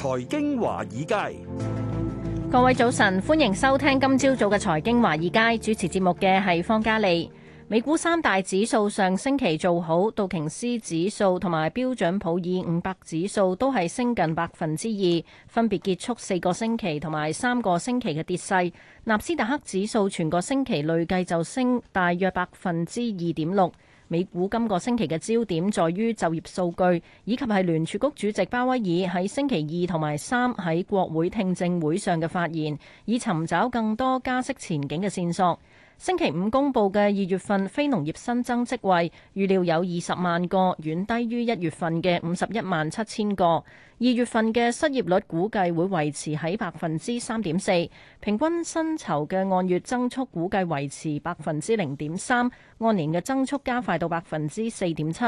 財經華爾街，各位早晨，歡迎收聽今朝早嘅財經華爾街。主持節目嘅係方嘉莉。美股三大指數上星期做好，道瓊斯指數同埋標準普爾五百指數都係升近百分之二，分別結束四個星期同埋三個星期嘅跌勢。納斯達克指數全個星期累計就升大約百分之二點六。美股今個星期嘅焦點在於就業數據，以及係聯儲局主席鮑威爾喺星期二同埋三喺國會聽證會上嘅發言，以尋找更多加息前景嘅線索。星期五公布嘅二月份非農業新增職位預料有二十萬個，遠低於一月份嘅五十一萬七千個，二月份嘅失業率估計會維持喺百分之三點四，平均薪酬嘅按月增速估計維持百分之零點三，按年嘅增速加快到百分之四點七。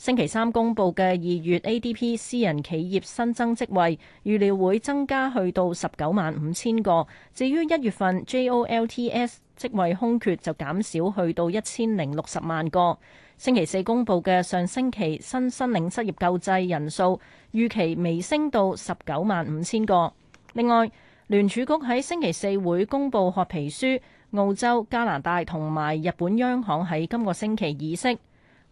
星期三公布嘅二月 ADP 私人企業新增職位預料會增加去到十九萬五千個。至於一月份 JOLTS 職位空缺就減少去到一千零六十萬個。星期四公布嘅上星期新申領失業救濟人數預期微升到十九萬五千個。另外，聯儲局喺星期四會公布褐皮書，澳洲、加拿大同埋日本央行喺今個星期議息。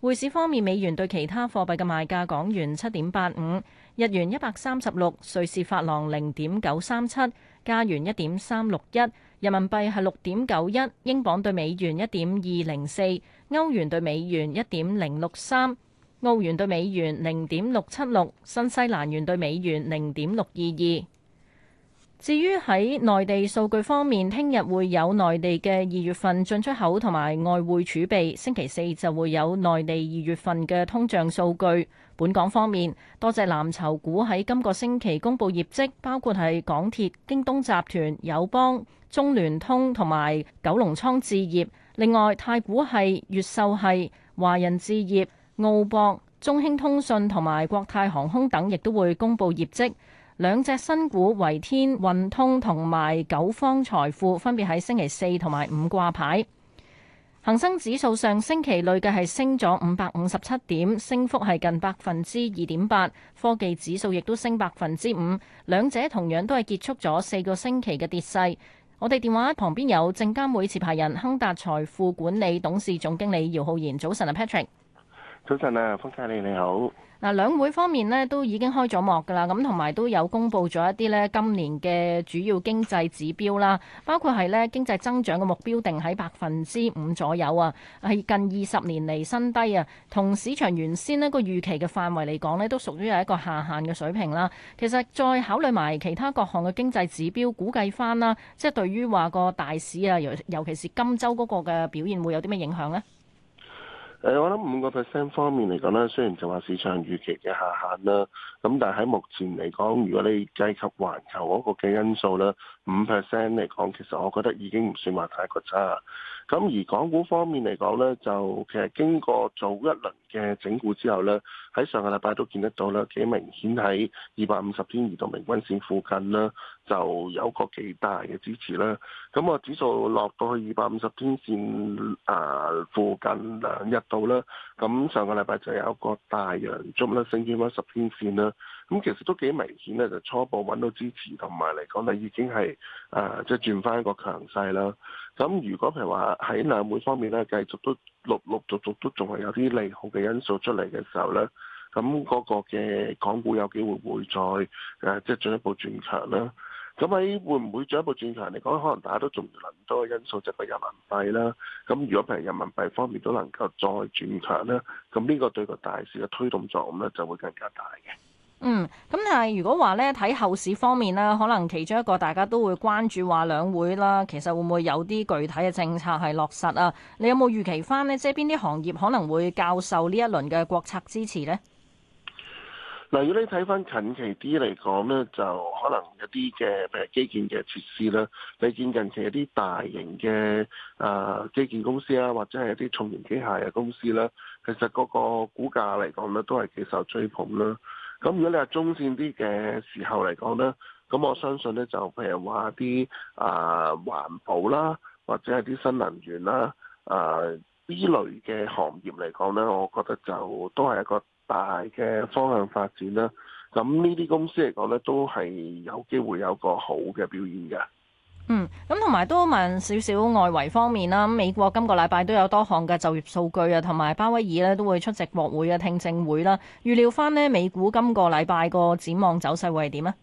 匯市方面，美元對其他貨幣嘅賣價：港元七點八五，日元一百三十六，瑞士法郎零點九三七，加元一點三六一，人民幣係六點九一，英鎊對美元一點二零四，歐元對美元一點零六三，澳元對美元零點六七六，新西蘭元對美元零點六二二。至於喺內地數據方面，聽日會有內地嘅二月份進出口同埋外匯儲備，星期四就會有內地二月份嘅通脹數據。本港方面，多隻藍籌股喺今個星期公布業績，包括係港鐵、京東集團、友邦、中聯通同埋九龍倉置業。另外，太古系、越秀系、華人置業、澳博、中興通訊同埋國泰航空等，亦都會公佈業績。兩隻新股維天運通同埋九方財富分別喺星期四同埋五掛牌。恒生指數上星期累計係升咗五百五十七點，升幅係近百分之二點八。科技指數亦都升百分之五，兩者同樣都係結束咗四個星期嘅跌勢。我哋電話旁邊有證監會持牌人亨達財富管理董事總經理姚浩然，早晨啊 Patrick。早晨啊 Frankie 你好。嗱，兩會方面咧都已經開咗幕㗎啦，咁同埋都有公布咗一啲咧今年嘅主要經濟指標啦，包括係咧經濟增長嘅目標定喺百分之五左右啊，係近二十年嚟新低啊，同市場原先咧個預期嘅範圍嚟講咧都屬於係一個下限嘅水平啦。其實再考慮埋其他各項嘅經濟指標，估計翻啦，即係對於話個大市啊，尤尤其是今週嗰個嘅表現會有啲咩影響呢？誒，我諗五個 percent 方面嚟講咧，雖然就話市場預期嘅下限啦，咁但係喺目前嚟講，如果你計及環球嗰個嘅因素咧，五 percent 嚟講，其實我覺得已經唔算話太過差。咁而港股方面嚟講咧，就其實經過做一輪嘅整固之後咧，喺上個禮拜都見得到啦，幾明顯喺二百五十天移動平均線附近啦。就有個幾大嘅支持啦，咁啊指數落到去二百五十天線啊附近兩日度啦，咁上個禮拜就有一個大陽燭啦，升穿翻十天線啦，咁其實都幾明顯咧，就初步揾到支持，同埋嚟講咧已經係誒即係轉翻一個強勢啦。咁如果譬如話喺兩會方面咧，繼續都陸陸續續都仲係有啲利好嘅因素出嚟嘅時候咧，咁嗰個嘅港股有機會會再誒即係進一步轉強啦。咁喺會唔會進一步轉強嚟講，可能大家都仲諗多個因素，就係人民幣啦。咁如果譬如人民幣方面都能夠再轉強啦，咁呢個對個大市嘅推動作用咧就會更加大嘅。嗯，咁但係如果話咧睇後市方面啦，可能其中一個大家都會關注話兩會啦。其實會唔會有啲具體嘅政策係落實啊？你有冇預期翻呢？即係邊啲行業可能會教授呢一輪嘅國策支持呢？例如果你睇翻近期啲嚟講咧，就可能有啲嘅譬如基建嘅設施啦，你見近期一啲大型嘅啊、呃、基建公司啦、啊，或者係一啲重型機械嘅公司啦、啊，其實嗰個股價嚟講咧，都係幾受追捧啦。咁如果你話中線啲嘅時候嚟講咧，咁我相信咧就譬如話啲啊環保啦，或者係啲新能源啦啊呢、呃、類嘅行業嚟講咧，我覺得就都係一個大嘅方向發展啦，咁呢啲公司嚟講呢都係有機會有個好嘅表現嘅。嗯，咁同埋多問少少外圍方面啦。美國今個禮拜都有多項嘅就業數據啊，同埋鮑威爾咧都會出席國會嘅聽證會啦。預料翻呢，美股今個禮拜個展望走勢會係點啊？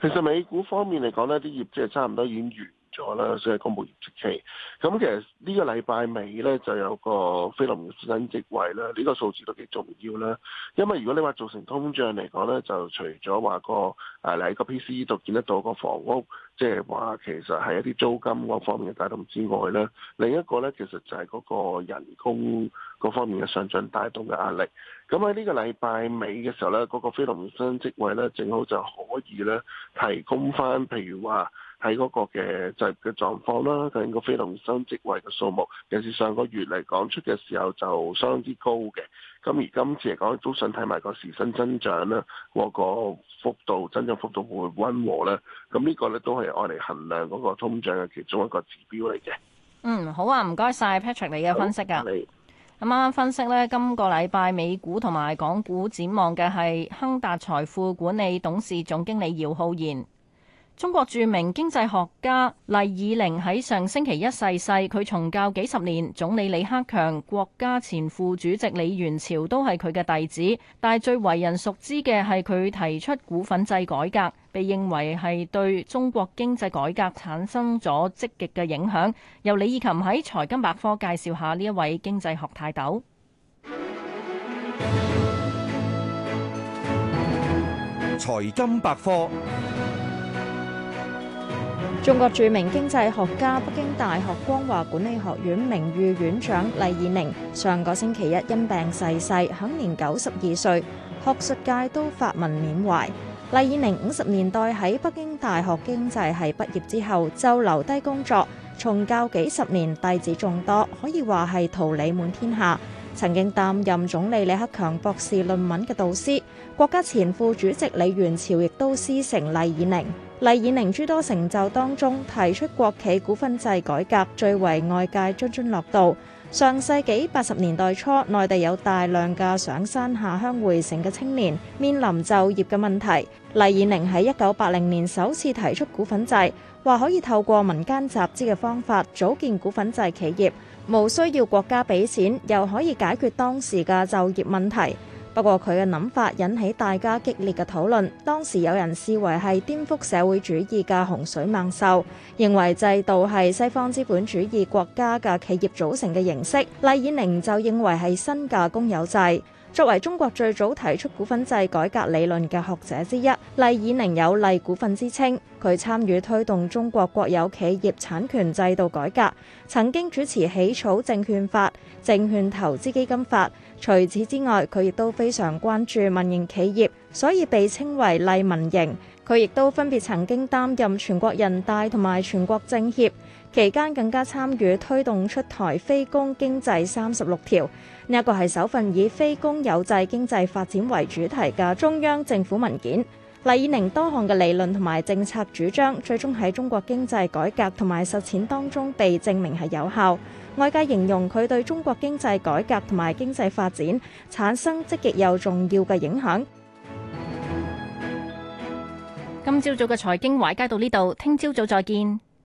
其實美股方面嚟講呢啲業績係差唔多已經完咗啦，所以個業績期咁、嗯、其實個呢個禮拜尾咧就有個非農新職位啦，呢、這個數字都幾重要啦，因為如果你話造成通脹嚟講咧，就除咗話個誒，喺、啊、如個 PCE 度見得到個房屋。即係話其實係一啲租金各方面嘅帶動之外咧，另一個咧其實就係嗰個人工各方面嘅上漲帶動嘅壓力。咁喺呢個禮拜尾嘅時候咧，嗰、嗰個非農新職位咧，正好就可以咧提供返，譬如話喺嗰個嘅就業、是、嘅狀況啦，究竟個非農新職位嘅數目，尤其是上個月嚟講出嘅時候就相當之高嘅。咁而今次嚟講，都想睇埋個時薪增長啦，個個幅度增長幅度會溫和咧。咁呢個咧都係我哋衡量嗰個通脹嘅其中一個指標嚟嘅。嗯，好啊，唔該晒 Patrick 你嘅分析啊。你。咁啱啱分析咧，今個禮拜美股同埋港股展望嘅係亨達財富管理董事總經理姚浩然。中國著名經濟學家厲以寧喺上星期一逝世，世，佢從教幾十年，總理李克強、國家前副主席李元朝都係佢嘅弟子，但係最為人熟知嘅係佢提出股份制改革，被認為係對中國經濟改革產生咗積極嘅影響。由李以琴喺財金百科介紹下呢一位經濟學泰斗。財金百科。中國著名經濟學家、北京大學光華管理學院名譽院長厲以寧上個星期一因病逝世，享年九十二歲。學術界都發文緬懷厲以寧。五十年代喺北京大學經濟系畢業之後就留低工作，從教幾十年，弟子眾多，可以話係桃李滿天下。曾經擔任總理李克強博士論文嘅導師，國家前副主席李源潮亦都師承厲以寧。厲以寧諸多成就當中，提出國企股份制改革最為外界津津樂道。上世紀八十年代初，內地有大量嘅上山下鄉回城嘅青年面臨就業嘅問題，厲以寧喺一九八零年首次提出股份制，話可以透過民間集資嘅方法組建股份制企業，無需要國家俾錢，又可以解決當時嘅就業問題。不過佢嘅諗法引起大家激烈嘅討論，當時有人視為係顛覆社會主義嘅洪水猛獸，認為制度係西方資本主義國家嘅企業組成嘅形式。厲以寧就認為係新嘅公有制。作為中國最早提出股份制改革理論嘅學者之一，厲以寧有厲股份之稱。佢參與推動中國國有企業產權制度改革，曾經主持起草《證券法》、《證券投資基金法》。除此之外，佢亦都非常關注民營企業，所以被稱為厲民營，佢亦都分別曾經擔任全國人大同埋全國政協，期間更加參與推動出台《非公經濟三十六條》，呢一個係首份以非公有制經濟發展為主題嘅中央政府文件。厲以寧多項嘅理論同埋政策主張，最終喺中國經濟改革同埋實踐當中被證明係有效。外界形容佢對中國經濟改革同埋經濟發展產生積極又重要嘅影響。今朝早嘅財經華爾街到呢度，聽朝早再見。